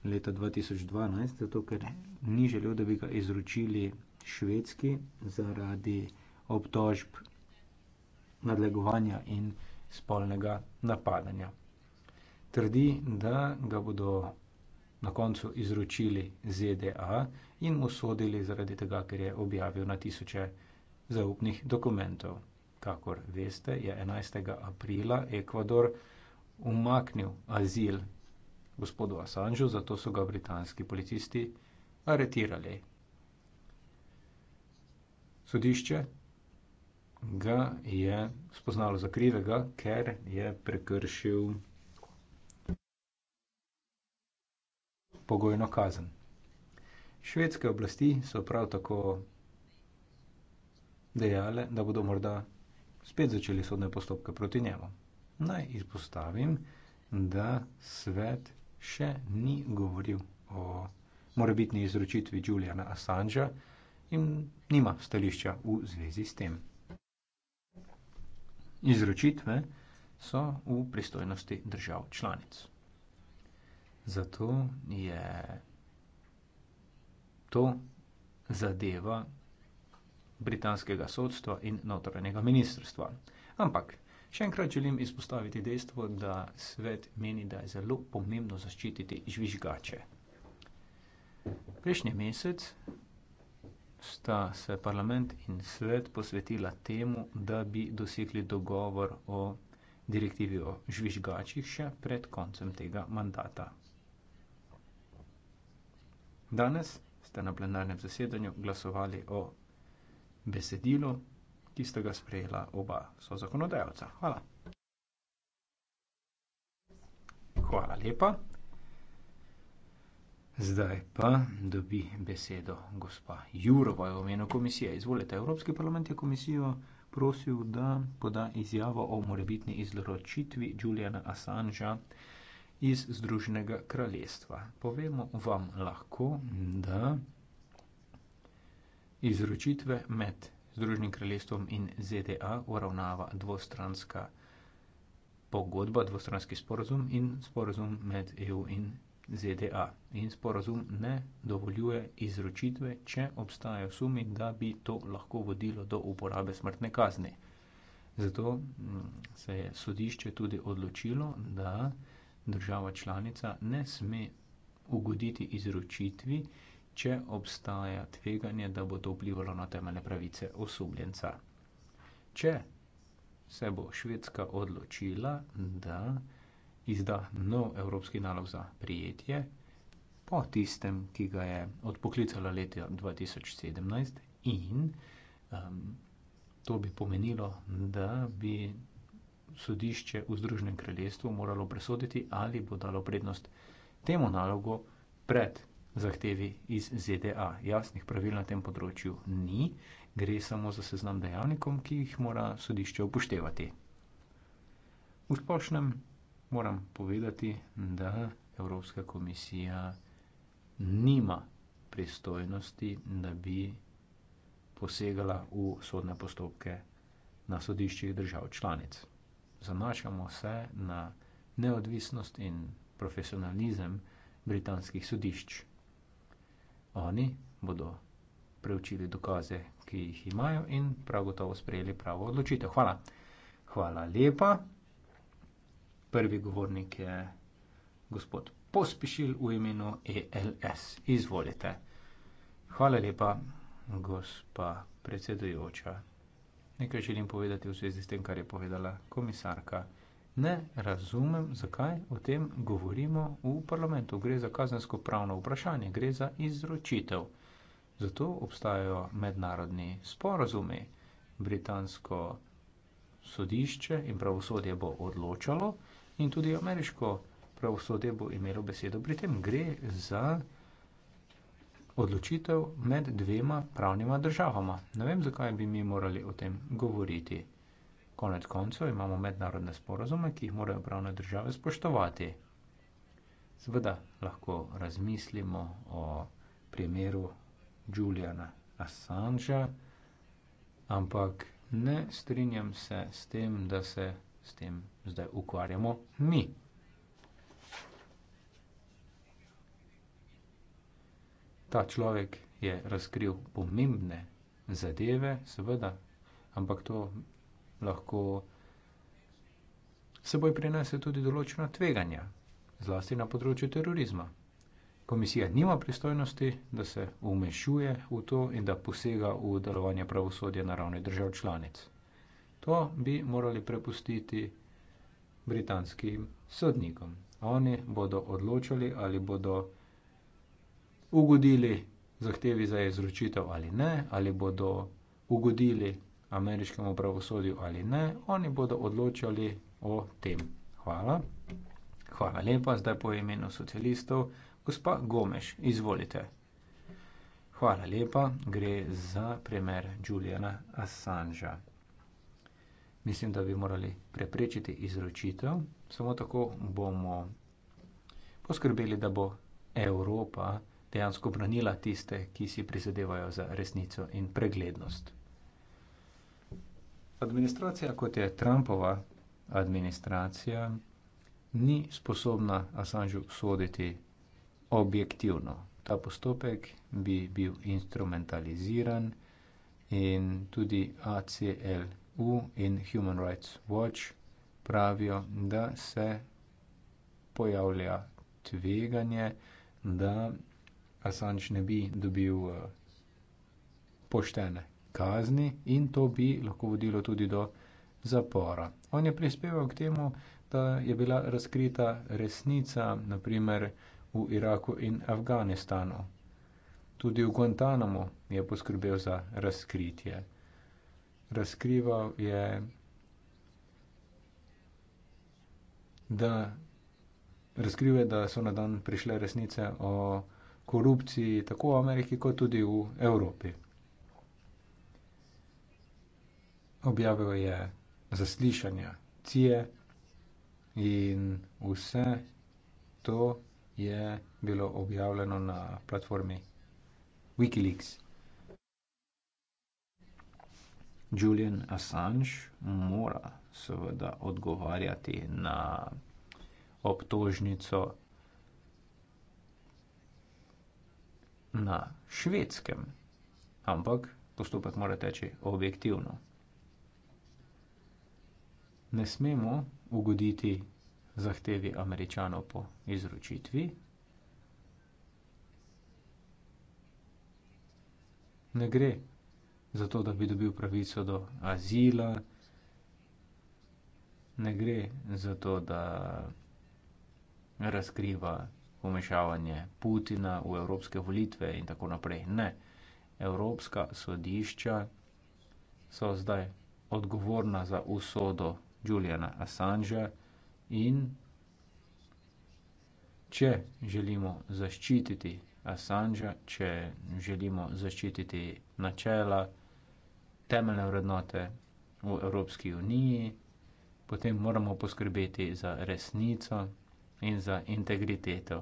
leta 2012, zato ker ni želel, da bi ga izročili švedski zaradi obtožb nadlegovanja in spolnega napadanja. Trdi, da ga bodo na koncu izročili ZDA in mu sodili zaradi tega, ker je objavil na tisoče zaupnih dokumentov. Kakor veste, je 11. aprila Ekvador umaknil azil gospodu Assangeu, zato so ga britanski policisti aretirali. Sodišče ga je spoznalo za krivega, ker je prekršil pogojno kazen. Švedske oblasti so prav tako dejale, da bodo morda spet začeli sodne postopke proti njemu. Naj izpostavim, da svet še ni govoril o morebitni izročitvi Juliana Assangea in nima stališča v zvezi s tem izročitve so v pristojnosti držav članic. Zato je to zadeva britanskega sodstva in notranjega ministrstva. Ampak še enkrat želim izpostaviti dejstvo, da svet meni, da je zelo pomembno zaščititi žvižgače. Prejšnji mesec sta se parlament in svet posvetila temu, da bi dosegli dogovor o direktivi o žvižgačih še pred koncem tega mandata. Danes ste na plenarnem zasedanju glasovali o besedilu, ki sta ga sprejela oba so zakonodajalca. Hvala. Hvala lepa. Zdaj pa dobi besedo gospa Jurova v imenu komisije. Izvolite, Evropski parlament je komisijo prosil, da poda izjavo o morebitni izločitvi Juliana Assangea iz Združenega kraljestva. Povemo vam lahko, da izročitve med Združenim kraljestvom in ZDA uravnava dvostranska pogodba, dvostranski sporozum in sporozum med EU in ZDA. ZDA in sporazum ne dovoljuje izročitve, če obstajajo sumi, da bi to lahko vodilo do uporabe smrtne kazni. Zato mm, se je sodišče tudi odločilo, da država članica ne sme ugoditi izročitvi, če obstaja tveganje, da bo to vplivalo na temeljne pravice osumljenca. Če se bo Švedska odločila, da izda nov evropski nalog za prijetje po tistem, ki ga je odpoklicala leta 2017 in um, to bi pomenilo, da bi sodišče v Združenem kraljestvu moralo presoditi, ali bo dalo prednost temu nalogu pred zahtevi iz ZDA. Jasnih pravil na tem področju ni, gre samo za seznam dejavnikov, ki jih mora sodišče upoštevati. V splošnem moram povedati, da Evropska komisija nima pristojnosti, da bi posegala v sodne postopke na sodiščih držav članic. Zanašamo se na neodvisnost in profesionalizem britanskih sodišč. Oni bodo preučili dokaze, ki jih imajo in prav gotovo sprejeli pravo odločitev. Hvala. Hvala lepa prvi govornik je gospod Pospišil v imenu ELS. Izvolite. Hvala lepa, gospa predsedujoča. Nekaj želim povedati v zvezi s tem, kar je povedala komisarka. Ne razumem, zakaj o tem govorimo v parlamentu. Gre za kazensko pravno vprašanje, gre za izročitev. Zato obstajajo mednarodni sporazumi. Britansko sodišče in pravosodje bo odločalo, in tudi ameriško pravosodje bo imelo besedo. Pri tem gre za odločitev med dvema pravnima državama. Ne vem, zakaj bi mi morali o tem govoriti. Konec koncev imamo mednarodne sporozume, ki jih morajo pravne države spoštovati. Seveda lahko razmislimo o primeru Juliana Assangea, ampak ne strinjam se s tem, da se s tem zdaj ukvarjamo mi. Ta človek je razkril pomembne zadeve, seveda, ampak to lahko seboj prinese tudi določena tveganja, zlasti na področju terorizma. Komisija nima pristojnosti, da se umešuje v to in da posega v delovanje pravosodja na ravni držav članic. To bi morali prepustiti britanskim sodnikom. Oni bodo odločili, ali bodo ugodili zahtevi za izročitev ali ne, ali bodo ugodili ameriškemu pravosodju ali ne. Oni bodo odločali o tem. Hvala. Hvala lepa, zdaj po imenu socialistov, gospa Gomeš, izvolite. Hvala lepa, gre za primer Juliana Assangea mislim, da bi morali preprečiti izročitev. Samo tako bomo poskrbeli, da bo Evropa dejansko branila tiste, ki si prizadevajo za resnico in preglednost. Administracija, kot je Trumpova administracija, ni sposobna Assangeu soditi objektivno. Ta postopek bi bil instrumentaliziran in tudi ACL EU in Human Rights Watch pravijo, da se pojavlja tveganje, da Assange ne bi dobil eh, poštene kazni in to bi lahko vodilo tudi do zapora. On je prispeval k temu, da je bila razkrita resnica, naprimer v Iraku in Afganistanu. Tudi v Guantanamo je poskrbel za razkritje razkrival, je, da, razkrival, da so na dan prišle resnice o korupciji tako v Ameriki, kot tudi v Evropi. Objavil je zaslišanja CIE in vse to je bilo objavljeno na platformi Wikileaks. Julian Assange mora seveda odgovarjati na obtožnico na švedskem, ampak postopek mora teči objektivno. Ne smemo ugoditi zahtevi američanov po izročitvi. Ne gre zato, da bi dobil pravico do azila, ne gre za to, da razkriva pomešavanje Putina v evropske volitve in tako naprej. Ne, evropska sodišča so zdaj odgovorna za usodo Juliana Assangea in če želimo zaščititi Assangea, če želimo zaščititi načela, temeljne vrednote v Evropski uniji, potem moramo poskrbeti za resnico in za integriteto.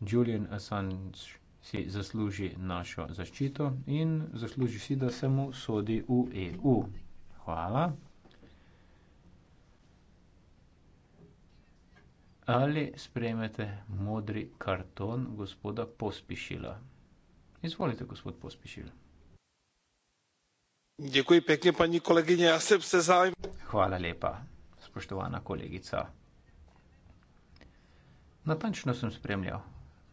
Julian Assange si zasluži našo zaščito in zasluži si, da se mu sodi v EU. Hvala. Ali sprejmete modri karton gospoda Pospišila? Izvolite, gospod Pospišila paní kolegyně já jsem se zájmem. Hvala lepa, spoštovana kolegica. Natančno sem spremljal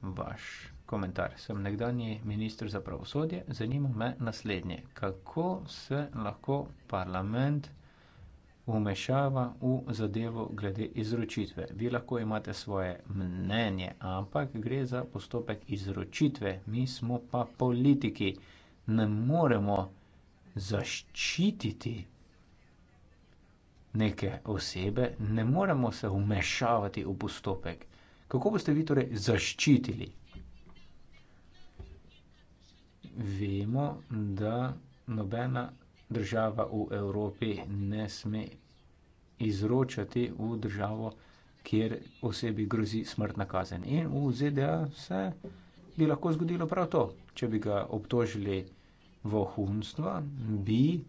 vaš komentar. Sem nekdanji ministr za pravosodje. Zanima me naslednje. Kako se lahko parlament umešava v zadevo glede izročitve? Vi lahko imate svoje mnenje, ampak gre za postopek izročitve. Mi smo pa politiki. Ne moremo zaščititi neke osebe, ne moremo se vmešavati v postopek. Kako boste vi torej zaščitili? Vemo, da nobena država v Evropi ne sme izročati v državo, kjer osebi grozi smrtna kazen. In v ZDA se bi lahko zgodilo prav to, če bi ga obtožili vohunstva, bi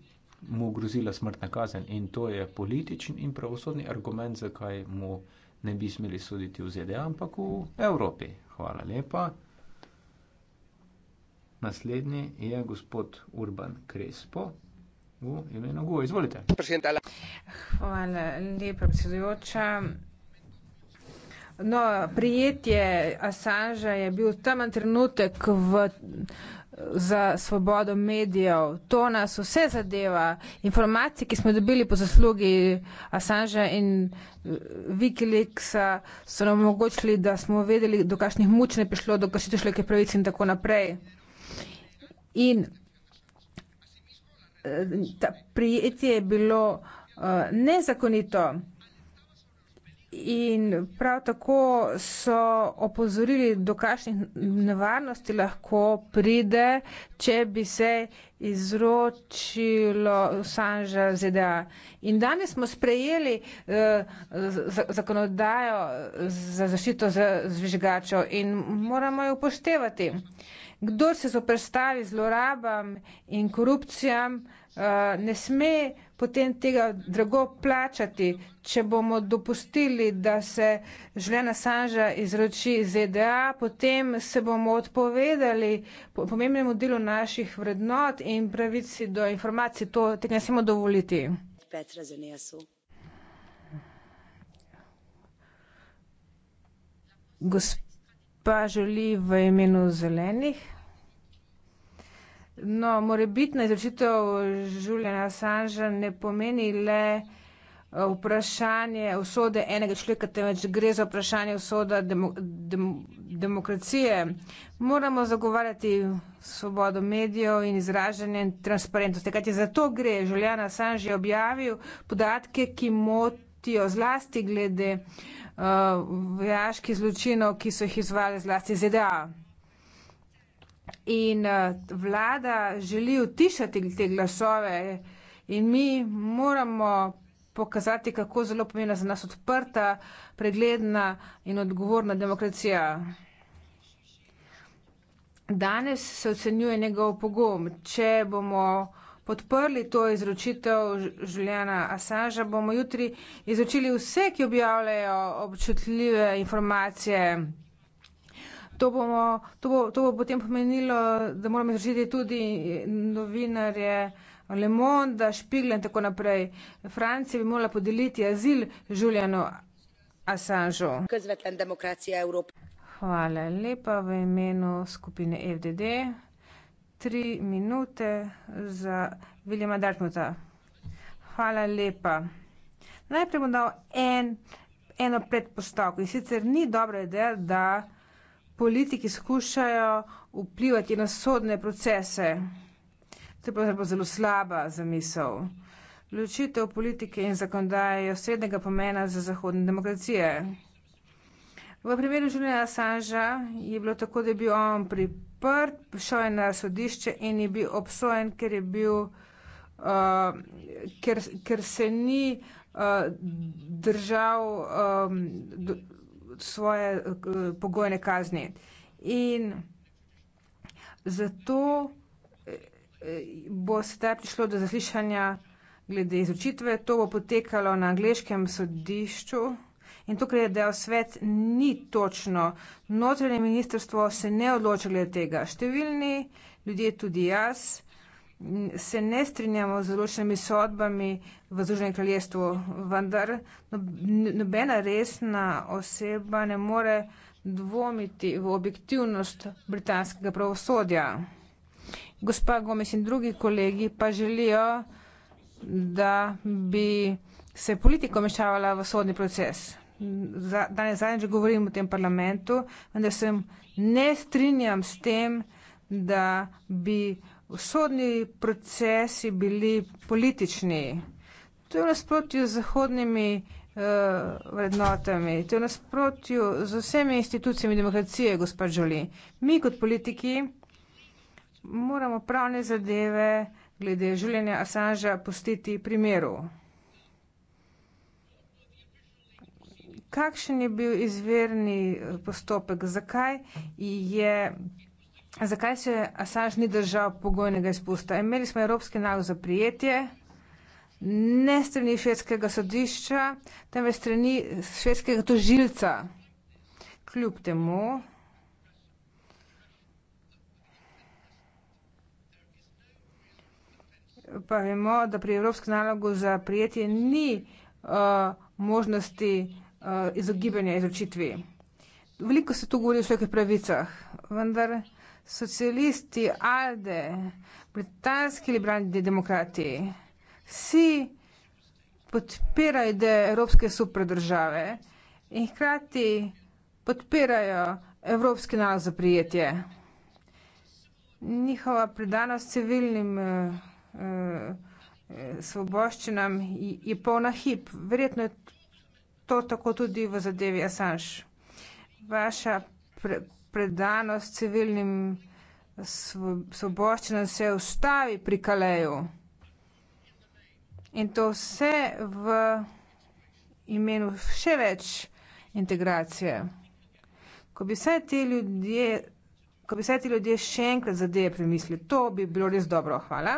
mu grozila smrtna kazen. In to je političen in pravosodni argument, zakaj mu ne bi smeli soditi v ZDA, ampak v Evropi. Hvala lepa. Naslednji je gospod Urban Krespo. E. Hvala lepa, predsedujoča. No, prijetje Assangea je bil tamen trenutek v za svobodo medijev. To nas vse zadeva. Informacije, ki smo dobili po zaslugi Assange in eh, Wikileaksa, so nam omogočili, da smo vedeli, do kakšnih mučenj je prišlo, do kakšnih človeške pravice in tako naprej. In eh, ta prijetje je bilo uh, nezakonito. In prav tako so opozorili, do kakšnih nevarnosti lahko pride, če bi se izročilo Sanža ZDA. In danes smo sprejeli eh, zakonodajo za zaščito za zvižgačev in moramo jo upoštevati. Kdo se soprstavi zlorabam in korupcijam? Eh, ne sme potem tega drago plačati, če bomo dopustili, da se Žlena Sanža izroči ZDA, potem se bomo odpovedali pomembnemu delu naših vrednot in pravici do informacij, to tega ne smemo dovoliti. Gospa želi v imenu zelenih. No, morebitna izrečitev Julijana Assangea ne pomeni le eh, vprašanje usode enega človeka, temveč gre za vprašanje usoda demo, dem, demokracije. Moramo zagovarjati svobodo medijev in izražanje in transparentnosti. Kaj je za to gre? Julijan Assange je objavil podatke, ki motijo zlasti glede uh, vojaških zločinov, ki so jih izvali zlasti ZDA. In eh, vlada želi utišati te glasove in mi moramo pokazati, kako zelo pomembna za nas odprta, pregledna in odgovorna demokracija. Danes se ocenjuje njegov pogum. Če bomo podprli to izročitev Žuljana Assangea, bomo jutri izročili vse, ki objavljajo občutljive informacije. To, bomo, to, bo, to bo potem pomenilo, da moramo izražiti tudi novinarje Le Monde, Špigle in tako naprej. Francija bi morala podeliti azil Julianu Assangeu. Hvala lepa v imenu skupine FDD. Tri minute za Viljama Dartmuta. Hvala lepa. Najprej bom dal en, eno predpostavko in sicer ni dobra ideja, da politiki skušajo vplivati na sodne procese. To je pravzaprav zelo slaba zamisel. Ločitev politike in zakonodaje je osrednjega pomena za zahodne demokracije. V primeru življenja Assanža je bilo tako, da je bil on priprt, šel je na sodišče in je bil obsojen, ker je bil, uh, ker, ker se ni uh, držal um, svoje eh, pogojne kazni. In zato eh, eh, bo sedaj prišlo do zaslišanja glede izročitve. To bo potekalo na angliškem sodišču. In to, kar je dejal svet, ni točno. Notranje ministrstvo se ne odloča glede tega. Številni ljudje, tudi jaz, se ne strinjamo z določenimi sodbami v Združenem kraljestvu, vendar no, nobena resna oseba ne more dvomiti v objektivnost britanskega pravosodja. Gospa Gomes in drugi kolegi pa želijo, da bi se politika omešavala v sodni proces. Danes zadnjič govorim v tem parlamentu, vendar se ne strinjam s tem, da bi Vsodni procesi bili politični. To je v nasprotju z zahodnimi eh, vrednotami, to je v nasprotju z vsemi institucijami demokracije, gospod Žoli. Mi kot politiki moramo pravne zadeve glede življenja Assangea pustiti pri miru. Kakšen je bil izverni eh, postopek? Zakaj je Zakaj se Assange ni držal pogojnega izpusta? Imeli smo evropski nalog za prijetje, ne strani švedskega sodišča, temveč strani švedskega tožilca. Kljub temu, pa vemo, da pri evropskem nalogu za prijetje ni uh, možnosti uh, izogibanja izročitvi. Veliko se tu govori o človekovih pravicah, vendar socialisti, ALDE, britanski liberalni demokrati, vsi podpirajo ideje evropske superdržave in hkrati podpirajo evropski nalog za prijetje. Njihova predanost civilnim eh, eh svoboščinam je polna hip. Verjetno je to tako tudi v zadevi Assange. Vaša pre predanost civilnim svoboščinam se ustavi pri Kaleju. In to vse v imenu še več integracije. Ko bi vse te ljudje, ko bi vse te ljudje še enkrat zadeje premislili, to bi bilo res dobro. Hvala.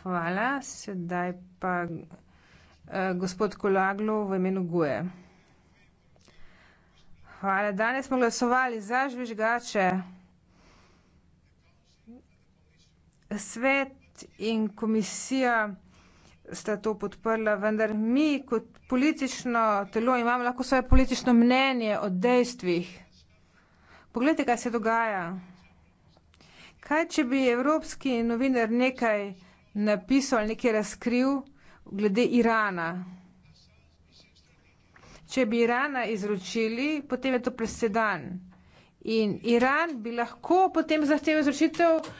Hvala. Sedaj pa uh, gospod Kolaglu v imenu Guje. Hvala. Danes smo glasovali za žvižgače. Svet in komisija sta to podprla, vendar mi kot politično telo imamo lahko svoje politično mnenje o dejstvih. Poglejte, kaj se dogaja. Kaj, če bi evropski novinar nekaj napisal ali nekaj razkril glede Irana? Če bi Irana izročili, potem je to presedan. In Iran bi lahko potem zahteval izročitev